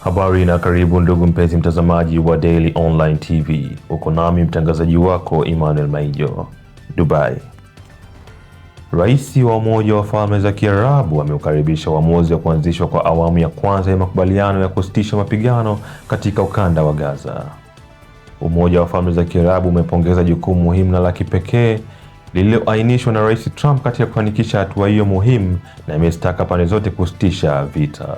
Habari na karibu ndugu mpenzi mtazamaji wa Daily Online TV, uko nami mtangazaji wako Emmanuel Maijo, Dubai. Rais wa Umoja wa Falme za Kiarabu ameukaribisha uamuzi wa kuanzishwa kwa awamu ya kwanza ya makubaliano ya kusitisha mapigano katika ukanda wa Gaza. Umoja wa Falme za Kiarabu umepongeza jukumu muhimu na la kipekee lililoainishwa na Rais Trump katika kufanikisha hatua hiyo muhimu na imezitaka pande zote kusitisha vita.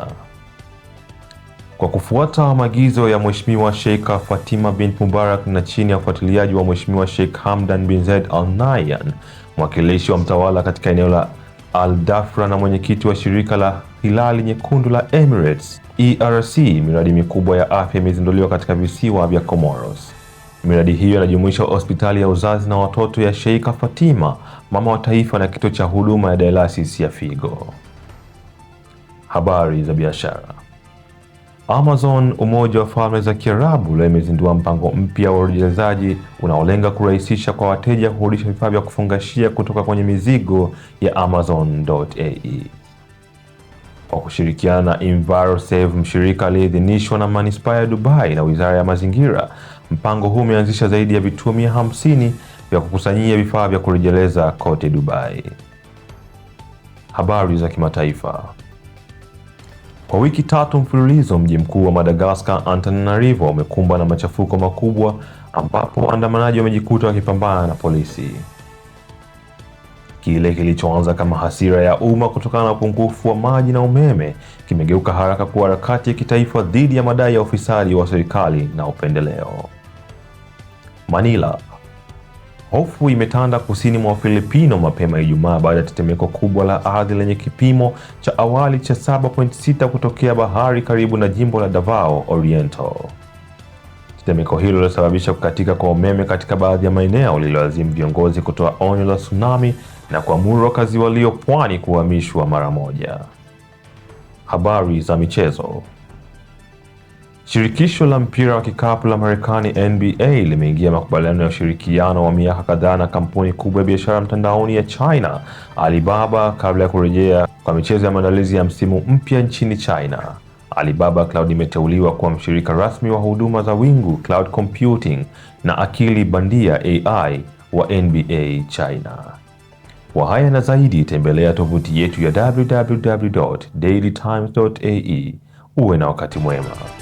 Kwa kufuata maagizo ya Mheshimiwa Sheikh Fatima bint Mubarak na chini ya ufuatiliaji wa Mheshimiwa Sheikh Hamdan bin Zaid Al Nahyan, mwakilishi wa mtawala katika eneo la Al Dafra na mwenyekiti wa shirika la Hilali Nyekundu la Emirates ERC, miradi mikubwa ya afya imezinduliwa katika visiwa vya Comoros. Miradi hiyo inajumuisha hospitali ya uzazi na watoto ya sheika Fatima, mama wa taifa, na kituo cha huduma ya dialysis ya figo. Habari za biashara. Amazon, umoja wa falme za Kiarabu, leo imezindua mpango mpya wa urejelezaji unaolenga kurahisisha kwa wateja kurudisha vifaa vya kufungashia kutoka kwenye mizigo ya Amazon.ae. Kwa kushirikiana na EnviroSave, mshirika aliyeidhinishwa na manispaa ya Dubai na Wizara ya Mazingira, mpango huu umeanzisha zaidi ya vituo hamsini vya kukusanyia vifaa vya kurejeleza kote Dubai. Habari za kimataifa. Kwa wiki tatu mfululizo, mji mkuu wa Madagascar, Antananarivo, umekumbwa na machafuko makubwa ambapo waandamanaji wamejikuta wakipambana na polisi. Kile kilichoanza kama hasira ya umma kutokana na upungufu wa maji na umeme kimegeuka haraka kuwa harakati ya kitaifa dhidi ya madai ya ufisadi wa serikali na upendeleo. Manila, Hofu imetanda kusini mwa Filipino mapema Ijumaa baada ya tetemeko kubwa la ardhi lenye kipimo cha awali cha 7.6 kutokea bahari karibu na jimbo la Davao Oriental. Tetemeko hilo lilosababisha kukatika kwa umeme katika baadhi ya maeneo lililoazimu viongozi kutoa onyo la tsunami na kuamuru wakazi walio pwani kuhamishwa mara moja. Habari za michezo. Shirikisho la mpira wa kikapu la Marekani NBA limeingia makubaliano ya ushirikiano wa miaka kadhaa na kampuni kubwa ya biashara mtandaoni ya China Alibaba kabla ya kurejea kwa michezo ya maandalizi ya msimu mpya nchini China. Alibaba Cloud imeteuliwa kuwa mshirika rasmi wa huduma za wingu, cloud computing na akili bandia AI wa NBA China. Kwa haya na zaidi, tembelea tovuti yetu ya www.dailytimes.ae. Uwe na wakati mwema.